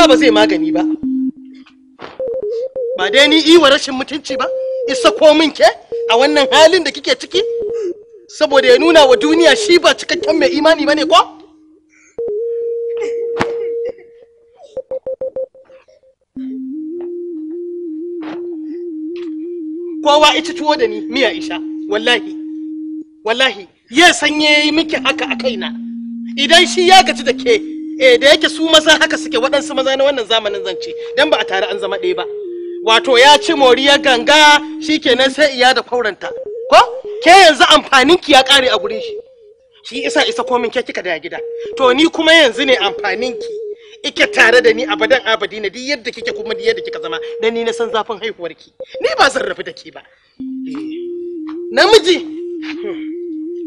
ba ba zai magani ba ba dai ni iwa rashin mutunci ba isa ko min ke a wannan halin da kike ciki saboda ya nuna wa duniya shi ba cikakken mai imani bane ko kowa ita tuwo da ni miya isha wallahi wallahi ya sanye miki haka a kaina idan shi ya gaji da ke eh da yake su maza haka suke waɗansu maza na wannan zamanin zance dan ba a tare an zama ɗaya ba wato ya ci ya ganga shikenan sai iya da kwauranta ko ke yanzu amfanin ki ya kare a gurin shi shi isa isa komin ke kika da gida to ni kuma yanzu ne amfanin ki ike tare da ni abadan abadi na duk yadda kike kuma duk yadda kika zama dan ni na san zafin haihuwar ki ni ba zan rabu da ki ba namiji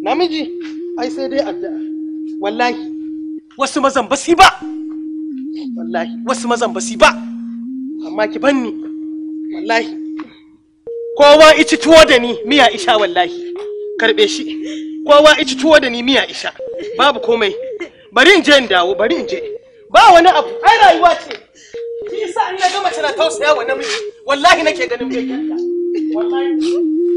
namiji ai sai dai addu'a wallahi wasu mazan ba ba wallahi wasu mazan ba ba amma ki banni wallahi kowa ichi tuwo da ni miya isha wallahi karbe shi kowa ichi tuwo da ni miya isha babu komai bari in je in dawo bari in je ba wani abu ai rayuwa ce shi yasa in na ga mace na tausaya wa namiji wallahi nake ganin bai wallahi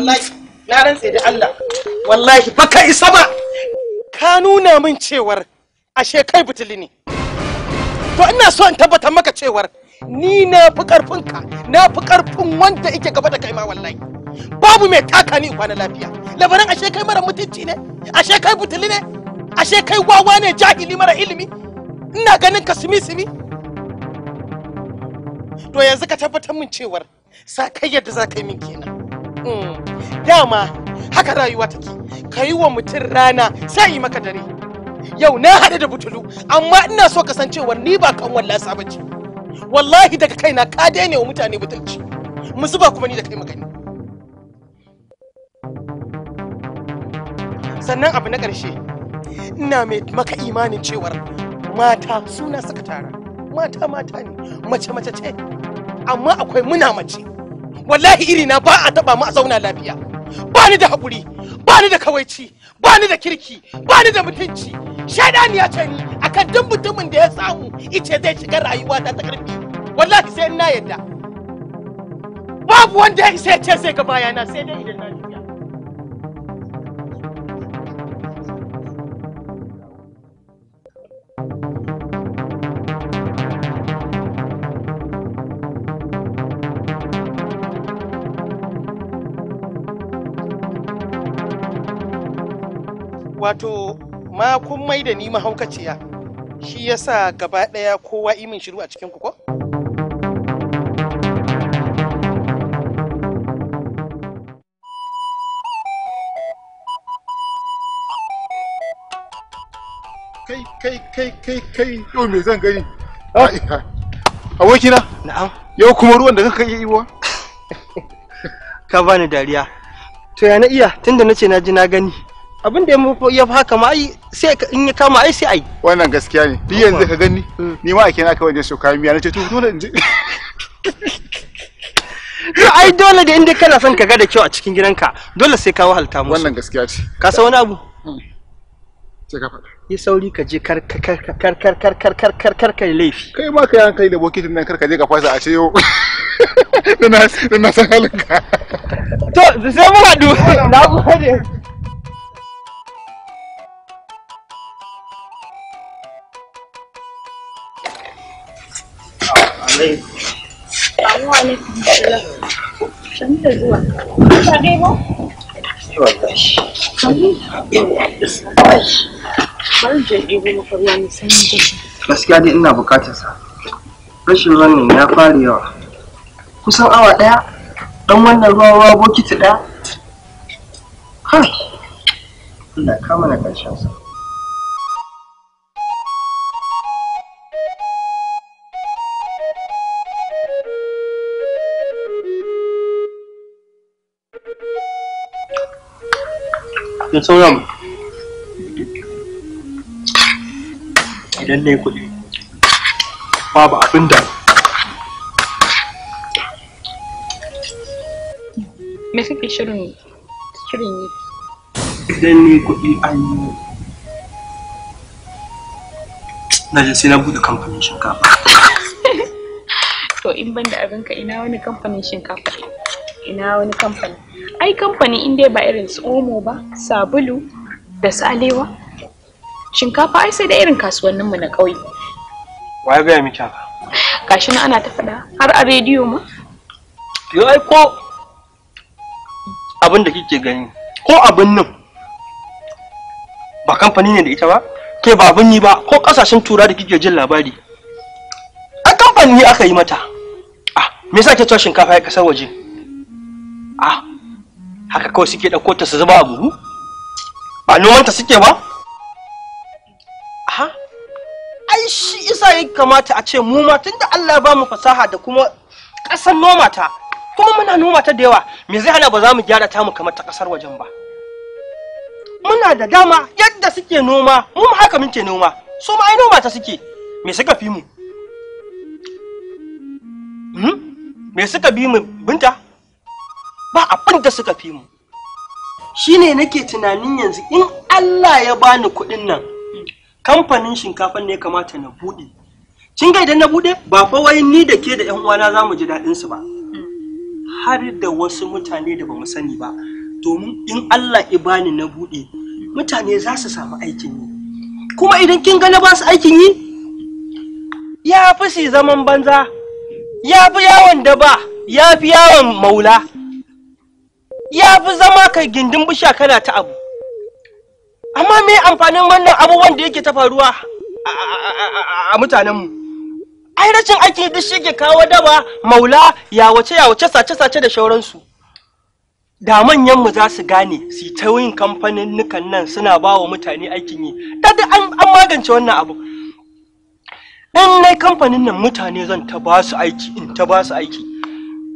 wallahi na rantse da Allah wallahi baka isa ba ka nuna min cewar ashe kai to ina so in tabbatar maka cewar ni na fi ka na fi karfin wanda yake gaba da kai ma wallahi babu mai taka ni kwana lafiya labarin ashe kai mara mutunci ne ashe kai butuli ne ashe kai wawa ne jahili mara ilimi ina ganin ka simi simi to yanzu ka tabbatar min cewar sa kai yadda za ka yi min kenan Mm. dama haka rayuwa take ka yi wa mutum rana sai yi maka dare yau na haɗu da butulu amma ina so kasancewar ni ba kan wallasa ba ce wallahi daga kaina ka daina wa mutane butulci musu ba kuma ni da kai magani sannan abu na ƙarshe ina mai maka imanin cewar mata suna sakatara tara mata mata ne mace mace ce amma akwai muna mace wallahi iri na ba a taba mu a zauna lafiya ba ni da haƙuri ba ni da kawaici ba ni da kirki ba ni da mutunci shaidani ya ce ni akan duk mutumin da ya samu ice zai shiga rayuwa ta ta ƙarfi wallahi sai na yadda babu wanda ya isa ya ce sai ga bayana sai dai idan na wato ma kun mai da ni mahaukaciya shi yasa gaba ɗaya kowa imin shiru a cikin ku ko? kai kai kai kai kai yau me zan gani abokina na'am yau kuma ruwan da kaka yi ka bani dariya to ya na iya tunda nace na ji na gani abin da ya haka ma ai sai in ya kama ai sai ai wannan gaskiya ne duk yanzu ka gani ni ma ake na naka wajen shoka miya na ce to dole in je ai dole da inda kana son ka ga da kyau a cikin gidanka dole sai ka wahalta musu wannan gaskiya ce ka san wani abu sai ka faɗa yi sauri ka je kar kar kar kar kar kar kar kar kar kai laifi kai ma kai hankali da bokitin nan kar ka je ka fasa a ce yau na san halinka to sai mu haɗu na gode Assalamu dai ba? Bari je ruwa mai Gaskiya dai ina buƙatar sa. Rashin wannan ya fara yawa. Kusan awa ɗaya dan wannan ruwa ruwa bokiti daya Ha! Allah kama na karshen sa. da sauran idan ne kudi kuɗi babu abin da me kake shirin shirin yi idan ne kuɗi an yi na je sai na buɗe kamfanin shinkafa to in ban da abinka ina wani kamfanin shinkafa ina wani kamfanin kamfani in dai ba irin su omo ba sabulu da salewa shinkafa ai sai da irin kasuwannin mu na ƙauye wa ya gaya miki haka gashi na ana ta faɗa har a rediyo ma yo ai ko abin da kike gani ko abin nan ba kamfani ne da ita ba ke ba abin yi ba ko kasashen tura da kike jin labari a kamfani aka yi mata ah me yasa ke cewa shinkafa ya kasar waje ah haka kawai suke ɗauko ta su zuba a buhu ba nomanta suke ba ha ai shi isa ya kamata a ce mu ma tunda Allah ya bamu fasaha da kuma ƙasar noma ta kuma muna noma ta da yawa me zai hana ba za mu gyara ta mu kamar ta ƙasar wajen ba muna da dama yadda suke noma mu haka muke noma su ma ai noma ta suke me suka fi mu hmm? me suka bi mu binta ba abin da suka fi mu shine nake tunanin yanzu in Allah ya bani kuɗin nan kamfanin shinkafan ne ya kamata na buɗe kin ga idan na buɗe ba fa wai ni da ke da ƴan uwana za mu ji daɗin su ba har da wasu mutane da bamu sani ba domin in Allah ibani na buɗe mutane za su samu aikin yi kuma idan kin ga na ba su aikin yi ya fi si zaman banza ya fi yawon da ba ya fi yawon maula ya fi zama kai gindin bisha kana ta abu amma me amfanin wannan abubuwan da yake ta faruwa a mutanenmu ai rashin aiki duk shi ke kawo daba maula ya wace ya wace sace sace da shauransu da manyanmu za su gane su ta yin kamfanin nukan nan suna ba wa mutane aikin yi da an magance wannan abu in na kamfanin nan mutane zan ta ba su aiki in ta ba su aiki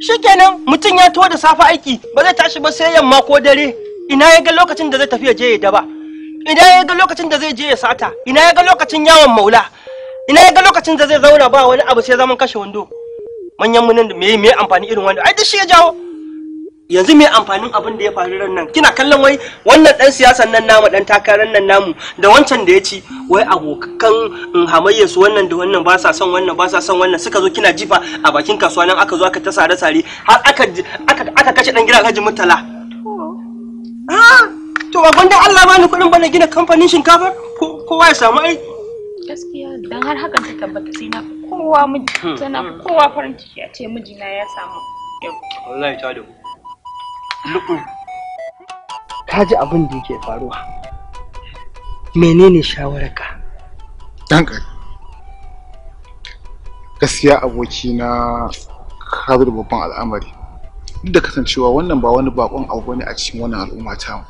shikenan mutum ya taho da safa aiki ba zai tashi ba sai yamma ko dare ina ya ga lokacin da zai tafi ya je ya daba ina ya ga lokacin da zai je ya sata ina ya ga lokacin yawon maula ina ya ga lokacin da zai zauna ba wani abu sai zaman kashe wando manyan munin me me amfani irin wanda ai duk shi ya jawo yanzu mai amfanin abin da ya faru ran nan kina kallon wai wannan dan siyasan nan namu dan takarar nan namu da wancan da ya ci wai abokan mm, hamayya su wannan da wannan ba sa son wannan ba sa son wannan suka zo kina jifa a bakin kasuwa nan aka zo aka ta sare sare har aka aka aka kashe dan gidan Haji Murtala to ah! ba gonda Allah ma ni kudin bana gina kamfanin shinkafa kowa ya samu aiki gaskiya dan har hakan ta tabbata sai na kowa miji tana hmm. kowa farin ciki a ce mijina ya samu wallahi ta Lukman ka ji abin da yake faruwa menene shawararka dan gaskiya aboki na ka zo da babban al'amari duk da kasancewa wannan ba wani bakon abu ne a cikin wannan al'umma ta mu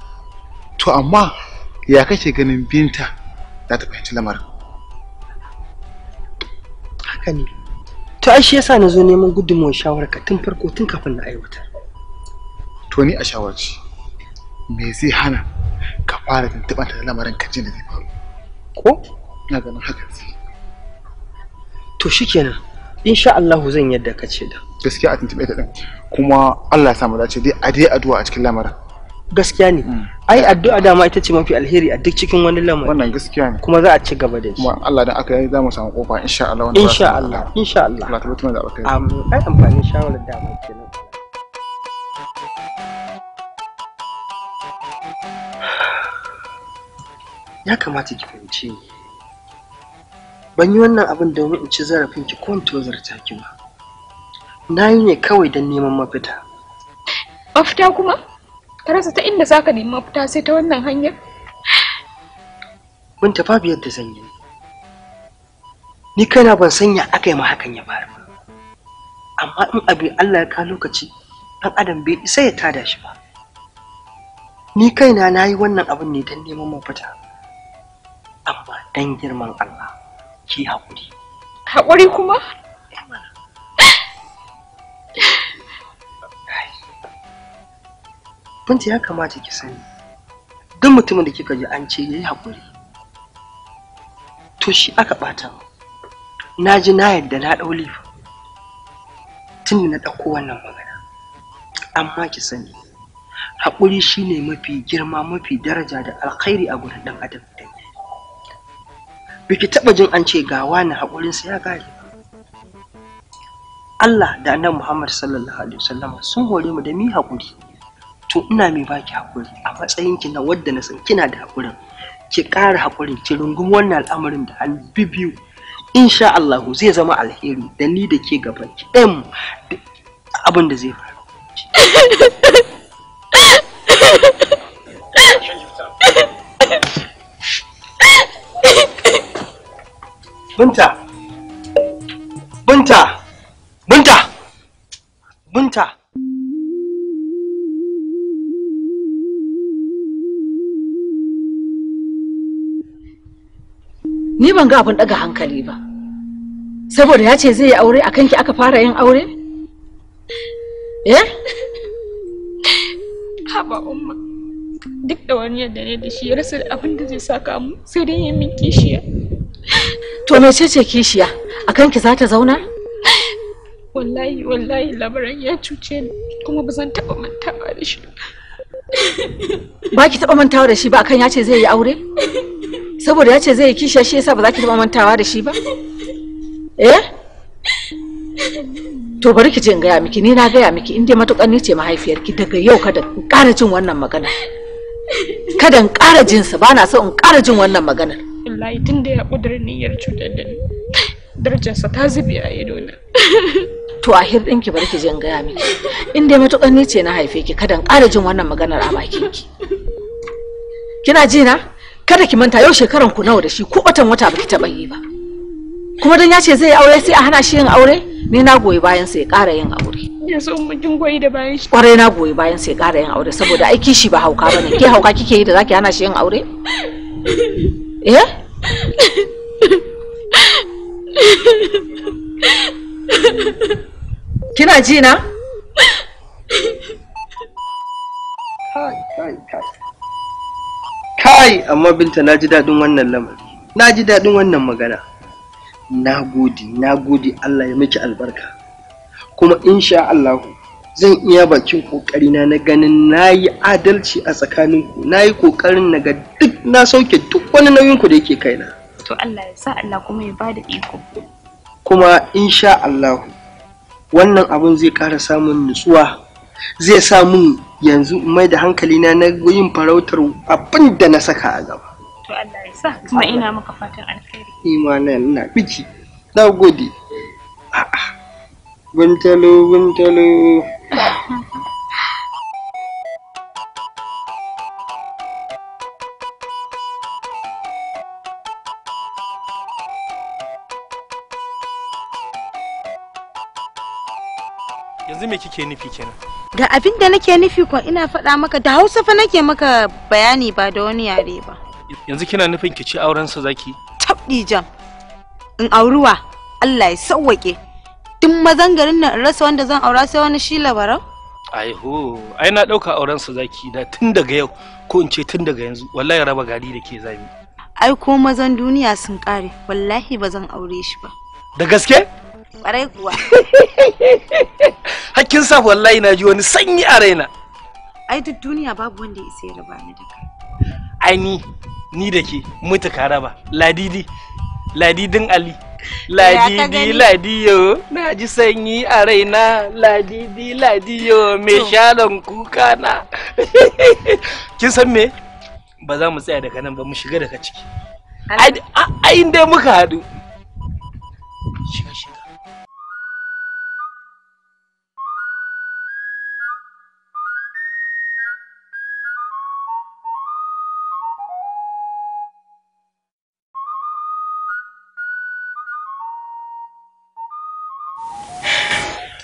to amma ya kake ganin binta za ta fahimci lamarin haka ne to ai shi yasa na zo neman gudunmawar shawararka tun farko tun kafin na aiwata to ni a shawarci me zai hana ka fara tuntuɓar ta lamarin kajin da zai faru ko na ganin haka to shikenan insha Allah zan yadda ka ce da gaskiya a tuntuɓe ta din kuma Allah ya samu dace dai a dai addu'a a cikin lamarin gaskiya ne hmm. ai addu'a dama ita ce mafi alheri a duk cikin wani lamarin. wannan gaskiya ne kuma za a ci gaba da shi kuma Allah dan aka yi za mu samu kofa insha Allah insha Allah insha Allah Allah ta mutum da alkhairi amin ai amfani shawarar dama kenan ya kamata ki fahimce ni ban yi wannan abin domin in ci zarafin ki ko in tozarta ki ba na yi ne kawai don neman mafita mafita kuma ka rasa ta inda zaka nemi mafita sai ta wannan hanyar mun tafa biyar da zan yi ni kaina ban sanya aka yi ma hakan ya faru ba amma in abin Allah ya ka lokaci dan adam bai isa ya tada shi ba ni kaina na yi wannan abin ne don neman mafita dan girman Allah ki haƙuri haƙuri kuma Binta ya kamata ki sani duk mutumin da kika ji an ce yayi haƙuri to shi aka ɓata na ji na yadda na ɗau tun tun na ɗauko wannan magana amma ki sani haƙuri shine mafi girma mafi daraja da alkhairi a gurin ɗan adam biki taba jin an ce ga wani sa ya kare Allah da annabi Muhammad sallallahu alaihi wasallam sun hore mu da mi haƙuri to ina mai baki haƙuri a matsayin ki na wadda na san kina da haƙurin ki ƙara haƙurin ki rungumi wannan al'amarin da an bibiyu insha Allah zai zama alheri da ni da ke gaban ki ɗayan abin da zai faru Binta! Binta! Binta! Binta! Ni ban ga abin ɗaga hankali ba. Saboda ya ce zai yi aure a kanki aka fara yin aure? Eh? Haba umma. Duk da wani yadda ne da shi ya rasa abin da zai saka mu sai dai ya min kishiya. To me ce kishiya? A kanki za ta zauna? Wallahi wallahi labaran ya cuce ni kuma ba zan taɓa mantawa da shi. Ba ki taɓa mantawa da shi ba akan ya ce zai yi aure? Saboda ya ce zai yi kishiya shi yasa ba za ki taɓa mantawa da shi ba? Eh? To bari ki je in gaya miki ni na gaya miki in dai matuƙar ni ce mahaifiyarki daga yau kada in ƙara jin wannan magana. Kada in ƙara jinsa ba na so in ƙara jin wannan maganar. billahi tun da ya ƙudurin niyyar cutar da ni darajarsa ta zube a na. to a bari ki jin gaya miki in dai matuƙar ni ce na haife ki kada ƙara jin wannan maganar a bakin ki kina ji na kada ki manta yau shekaran ku nawa da shi ko watan wata baki taɓa yi ba kuma dan ya ce zai aure sai a hana shi yin aure ni na goyi bayan sai ya ƙara yin aure yanzu kin goyi da bayan shi kwarai na goyi bayan sai ƙara yin aure saboda aiki shi ba hauka bane ke hauka kike yi da zaki hana shi yin aure eh kina ji na kai amma binta na ji daɗin wannan lamari na ji daɗin wannan magana na gode na gode allah ya miki albarka kuma insha allahu zan iya bakin ƙoƙarina na ganin na yi adalci a tsakaninku na yi ƙoƙarin na ga duk na sauke duk wani ku da yake kaina to Allah ya sa Allah kuma ya bada iko kuma insha Allah wannan abun zai ƙara samun nutsuwa zai sa mun yanzu mai da hankali na na yin farautar abin da na saka a gaba to Allah ya sa kuma ina maka fatan alheri imanin ina biki na gode a'a Buntalo, buntalo. yanzu me kike nufi kenan ga abin da nake nufi ko ina faɗa maka da hausa fa nake maka bayani ba da wani yare ba yanzu kina nufin ki ci auren sa zaki tabdi jam in auruwa Allah ya sawwake duk mazan garin nan rasa wanda zan aura sai wani shi labaran aiho ai na dauka auren su zaki da tun daga yau ko in ce tun daga yanzu wallahi raba gari da ke zami ai ko mazan duniya sun kare wallahi ba zan aure shi ba da gaske kwarai kuwa hakkin sa wallahi na ji wani sanyi a raina ai duk duniya babu wanda ya isa ya raba ni da kai ai ni ni da ke mutu ka raba ladidi ladidin ali ladidi ladiyo na ji sanyi a raina ladidi ladiyo mai shalon kuka na kin san me ba za mu tsaya daga nan ba mu shiga daga ciki ayin dai muka haɗu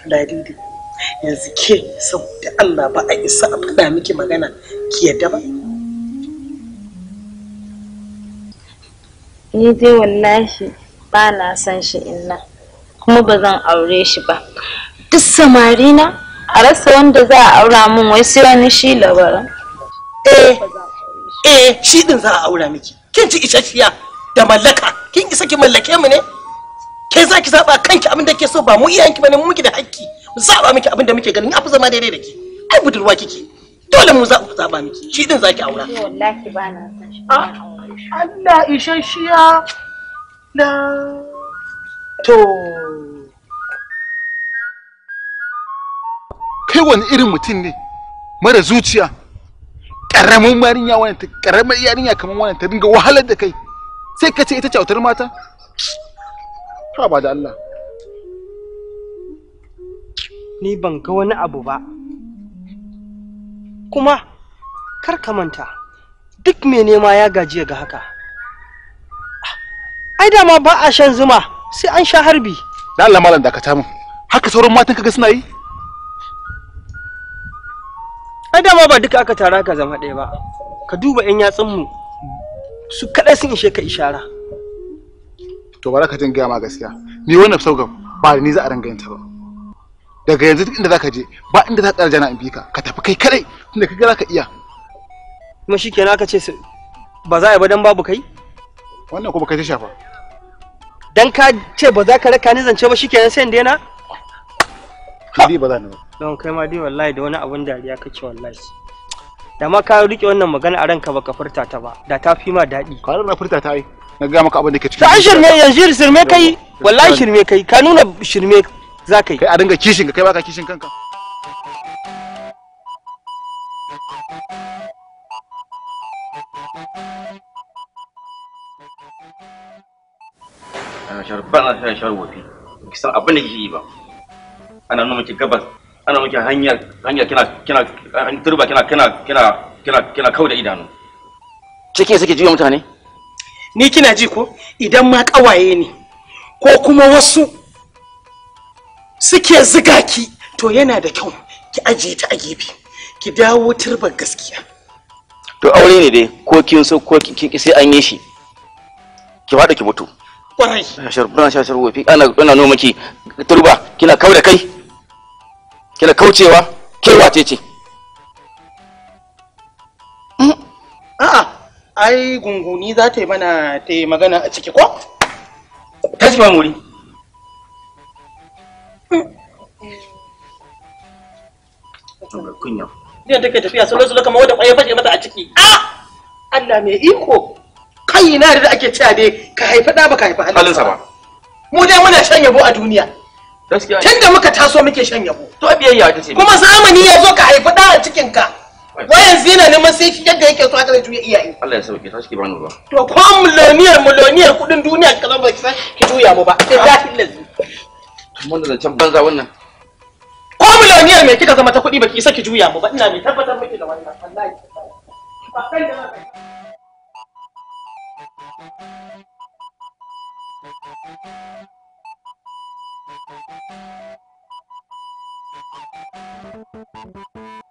dalili yanzu ke saboda Allah ba a isa a faɗa miki magana ki yadda ba? Ni dai wallahi ba na san shi inna kuma ba zan aure shi ba. Duk samari na a rasa wanda za a aura min wai sai wani shi labara Eh, eh, shi din za a aura miki. Kin ci isashiya da mallaka. Kin isa ki mallake mu ne? kai zaki zaba kanki abin da ke so ba mu iyayenki bane mu muke da hakki mu zaba miki abin da muke ganin yafi zama daidai da ke ai budurwa kike dole mu zaba zaba miki shi din zaki aura wallahi ba na san shi ah, Allah ishashiya na to kai wani irin mutum ne mara zuciya karamin yarinya wannan ta yarinya kamar wannan ta dinga wahalar da kai sai ka ce ita ce mata ha ba Allah ni ban ga wani abu ba kuma kar ka manta duk mai nema ya gaji ga haka ai ma ba a shan zuma sai an sha harbi da Allah malam dakata mu haka sauran matan kaga suna yi ai ma ba duka aka tara ka zama ɗaya ba ka duba 'yan yatsunmu su kaɗai sun ishe ka ishara to ba za ka jin gaya ma gaskiya ni wannan saukan ba ni za a yin ta ba daga yanzu duk inda za ka je ba inda za ka tsara jana in bi ka ka tafi kai kadai tunda ka ga za ka iya kuma shikenan aka ce ba za a yi ba dan babu kai wannan kuma kai ta shafa dan ka ce ba za ka raka ni zance ba shikenan sai in daina Kudi ba za ni ba. Don kai ma dai wallahi da wani abun dariya kake wallahi. Da ma ka rike wannan magana a ranka ba ka furta ta ba, da ta fi ma daɗi. Ka na furta ta ai. na ga maka abin da ke cikin an shirme yanzu shirme kai wallahi shirme kai ka nuna shirme za ka yi kai a dinga kishin ka kai ka kishin kanka ana shar bana shar shar wofi ki san abin da yi ba ana nuna miki gabas ana miki hanyar hanyar kina kina an turba kina kina kina kina kina kauda idanu cike suke jiya mutane ni kina ji ko idan ma ƙawaye ne ko kuma wasu suke ziga ki to yana da kyau ki ajiye ta a gefe ki dawo turbar gaskiya to aure ne dai ko kin so ko kin sai an yi shi ki fada ki mutu kwarai shashar bana shashar wofi ana ana noma ki turba kina kaure da kai kina kaucewa ke wace ce mm. a'a ai gunguni za ta yi mana ta yi magana a ciki ko Ta ba muri kunya ne take tafiya solo solo kamar wadda kwaye fashe mata a ciki ah Allah mai iko kai na da ake cewa dai ka haifi ka haifa haifi sa ba mu dai muna shan yabo a duniya gaskiya tunda muka taso muke shan yabo to biyayya ta ce kuma zamani ya zo ka haifi ɗa a cikin ka wayan zina ne mun sai shi yadda yake so haka zai juya iyaye Allah ya sauke ki bani ruwa to ko miloniyar miloniyar kudin duniya ka zama ki san ki juya mu ba sai lazi mun da banza wannan ko miloniyar me kika zama ta kudi ba ki ki juya mu ba ina mai tabbatar miki da wannan wallahi Thank you.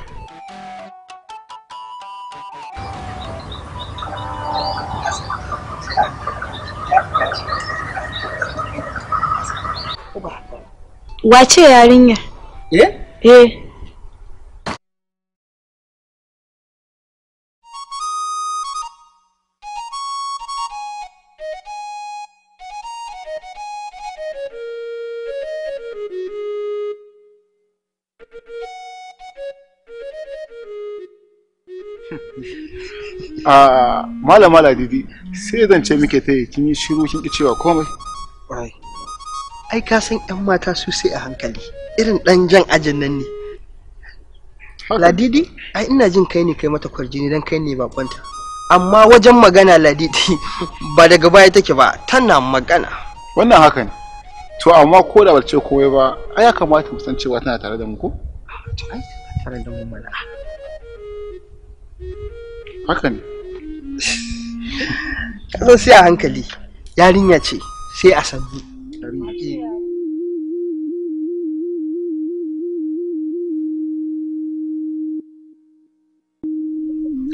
wace yarinya eh eh a ah, malama ladidi sai zance muke ta yi kin yi shiru kin ki cewa komai ai ka san yan mata su sai a hankali irin dan jan ajin nan ne ladidi ai ina jin kai ne kai mata kwarjini dan kai ne bakonta amma wajen magana ladidi ba daga baya take ba tana magana wannan haka ne to amma ko da bace komai ba ai ya kamata mu san cewa tana tare da mu ko tare da mu mana haka ne kasan sai a hankali yarinya ce sai a sannu tarihi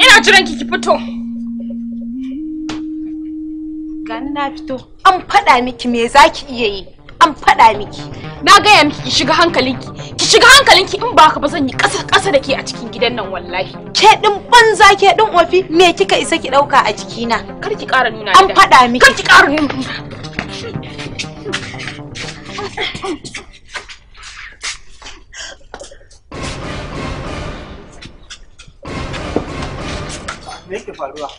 ina jiran ki ki fito gani na fito an faɗa miki me zaki iya yi an faɗa miki na gaya miki ki shiga hankalinki ki shiga hankalinki in ba ka ba zan yi ƙasa ƙasa da ke a cikin gidan nan wallahi ke din banza ke din ofi me kika isa ki ɗauka a jikina kar ki ƙara nuna an faɗa miki kar ki ƙara nuna Me yake faruwa?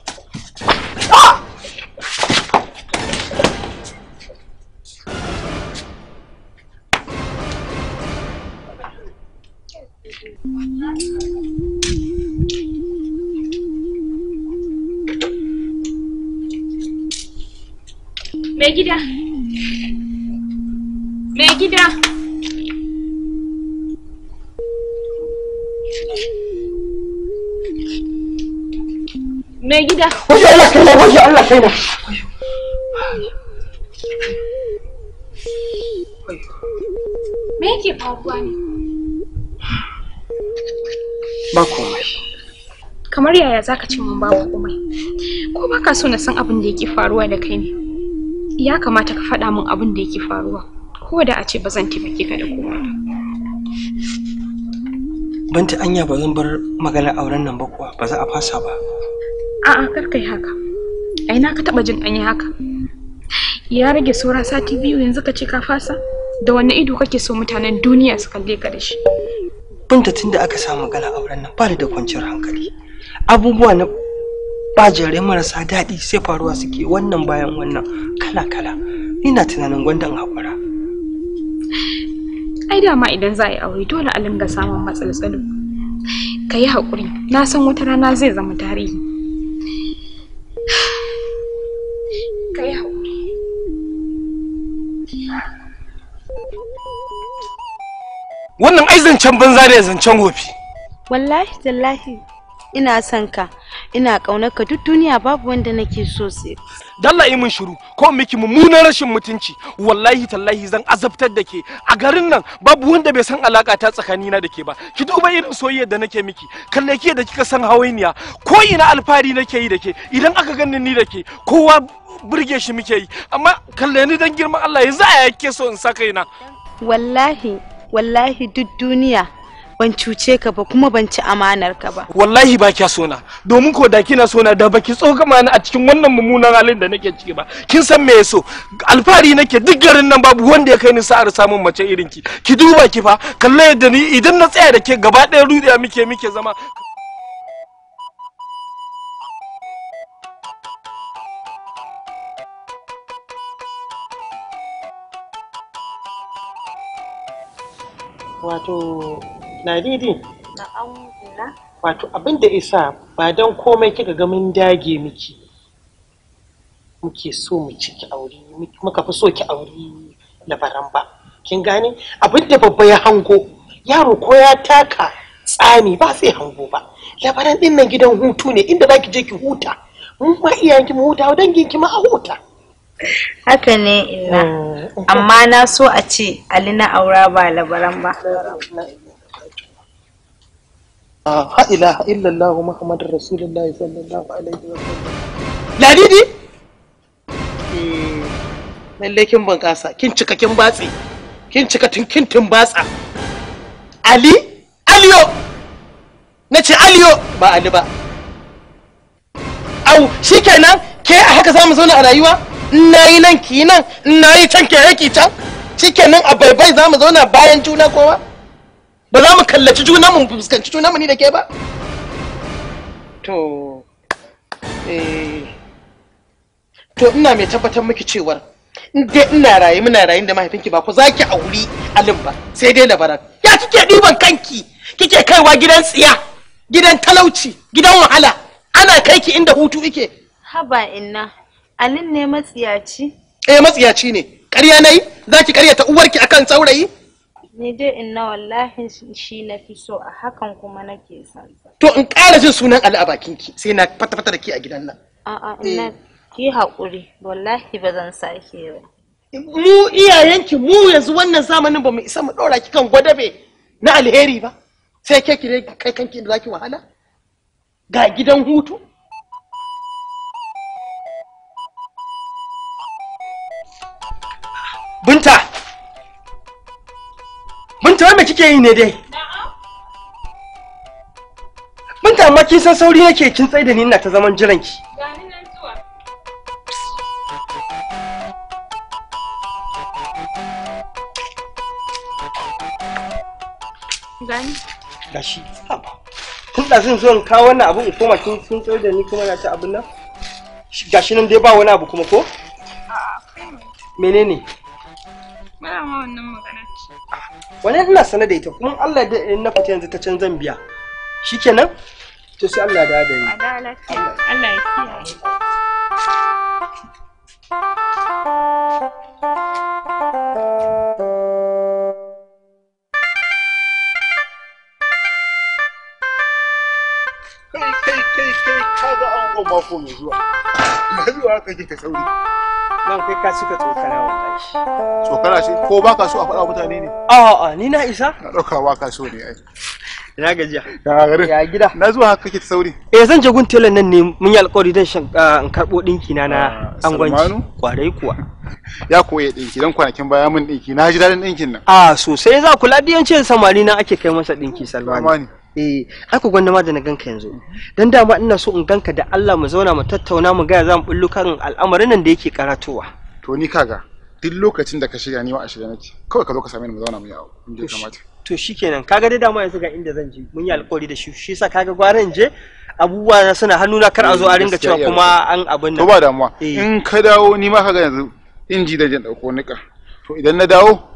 Mai gida. Mai gida. Mai gida. Allah kai na, waje Allah kai na. Me yake faruwa ne? Ba komai. Kamar yaya zaka ce mun babu komai? Ko baka so na san abin da yake faruwa da kai ne? Ya kamata ka faɗa min abin da yake faruwa. ko da a ce ba zan taimake ka da komai ba banta anya ba zan bar maganar auren nan ba kuwa ba za a fasa ba a'a kar kai haka ai na ka taba jin an yi haka ya rage saura sati biyu yanzu ka ce ka fasa da wani ido kake so mutanen duniya su kalle ka da shi binta tunda aka samu maganar auren nan ba da kwanciyar hankali abubuwa na bajare marasa daɗi sai faruwa suke wannan bayan wannan kala-kala ina tunanin gwandan haƙura ai dama idan za a yi aure dole a linga samun matsaltsalo ka yi haƙuri na san wata rana zai zama tarihi wannan ai zancen banza ne zancen wofi wallahi tallahi ina son ka ina kaunar ka duk duniya babu wanda nake so sai dalla yi mun shiru ko miki mummunar rashin mutunci wallahi tallahi zan azabtar da ke a garin nan babu wanda bai san alaka ta tsakanina da ke ba ki duba irin soyayyar da nake miki kalle ki da kika san hawainiya ko ina alfahari nake yi da ke idan aka ganni ni da ke kowa burge shi muke yi amma kalle ni dan girman Allah yanzu a yake so in saka ina wallahi wallahi duk duniya ban cuce ka ba kuma ban ci amanar ka ba wallahi ba kya sona domin ko da kina sona da baki tsokama ni a cikin wannan mummunan halin da nake ciki ba kin san me yaso alfahari nake duk garin nan babu wanda ya kai ni sa'ar samun mace irin ki ki duba ki fa kalle yadda ni idan na tsaya da ke gaba ɗaya rudiya muke muke zama wato na didi wato abin da isa ba dan komai kika ga mun dage miki muke so mu ciki aure muka fi so ki aure labaran ba kin gane abin da babba ya hango yaro ko ya taka tsami ba sai hango ba labaran din nan gidan hutu ne inda zaki je ki huta mun ma iyayenki mu huta dangin ki ma a huta haka ne ina eh, amma na so a ce ali na aura ba labaran ba ha ilaha illallah muhammadur rasulullahi sallallahu alaihi wasallam ladidi eh, lalle kin bunƙasa kin cika kin batsi kin cika kin tumbatsa ali aliyo na ce aliyo ba ali ba au shikenan ke a haka zamu zauna a rayuwa in nayi nan ki nan in nayi can ke yaki can shikenan a baibai zamu zauna bayan juna kowa kallaci juna mun fuskanci juna mu ni da ke ba to eh to ina mai tabbatar miki cewar in dai ina raye muna rayin da mahaifinki ba ku zaki auri alin ba sai dai labaran ya kike diban kanki kike kaiwa gidan tsiya gidan talauci gidan wahala ana kai ki inda hutu ike haba inna alin ne matsiyaci eh matsiyaci ne ƙarya nayi zaki ƙaryata uwarki akan saurayi ni dai inna wallahi shi na fi so a hakan kuma nake son to in ƙara jin sunan ali a bakin ki sai na fata fata da ke a gidan nan a'a eh. ina ki haƙuri wallahi ba zan sake ba mu iyayenki mu yanzu wannan zamanin ba mu isa mu ɗora ki kan gwadabe na alheri ba sai ke ki kai kanki da zaki wahala ga gidan hutu binta binta wai me kike yi ne dai binta amma kin san sauri nake kin tsaye da ni ina ta zaman jiranki gani gashi haba kun da zan zo kawo wannan abu in koma kin sun tsaye da ni kuma na ta abin nan gashi nan dai ba wani abu kuma ko menene wannan ina sana da ita kuma Allah da in na fita yanzu ta can zan biya shikenan to sai Allah da da ni Allah ya kiyaye kai kai kai kai kada an goma ko mai zuwa mai zuwa kake ta sauri nan kai ka cika tsokana wallahi tsokana ce ko baka so a faɗa mutane ne a'a ni na isa na ɗauka baka so ne ai ina gajiya ya gari ya gida na zuwa haka kake ta sauri eh zan je gun telan nan ne mun yi alƙawari zan shan ah, in karɓo ɗinki na na ah, angwanci kwarai kuwa ya koye dinki dan kwanakin baya mun dinki na ji dadin dinkin nan ah, a sosai za ku ladiyan ce samari na ake kai masa ɗinki salmani eh ai ku gwanda ma da na ganka yanzu dan dama ina so in ganka da Allah mu zauna mu tattauna mu ga za mu bullo kan al'amarin nan da yake karatowa to ni kaga duk lokacin da ka shirya ni wa a shirya nake kawai ka zo ka same ni mu zauna mu yi inda ka kamata to shikenan kaga dai dama yanzu ga inda zan je mun yi alƙawari da shi shi yasa kaga gwara in je abubuwa na suna hannuna kar a zo a mm, ringa cewa kuma an abin nan to ba damuwa eh. in ka dawo ni ma kaga yanzu inji da jin dauko nika to idan na dawo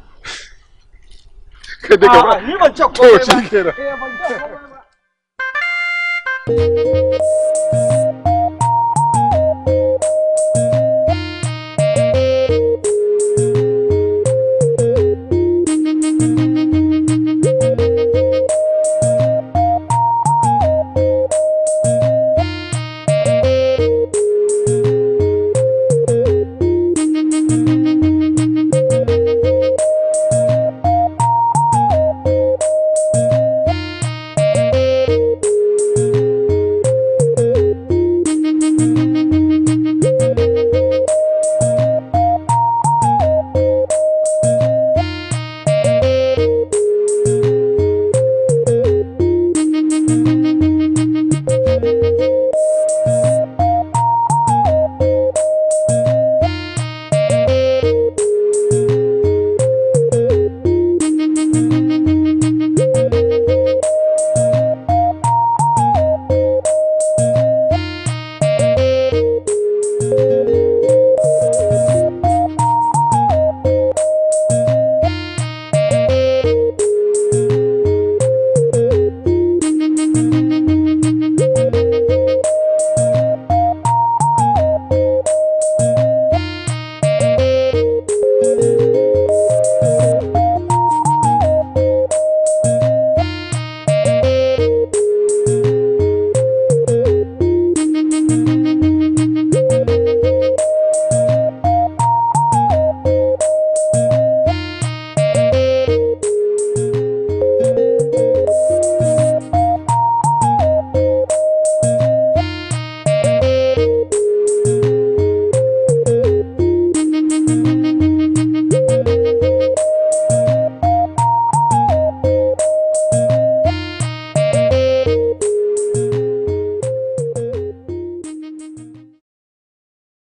kai daga ba ni ban ce komai ba to shi kenan eh,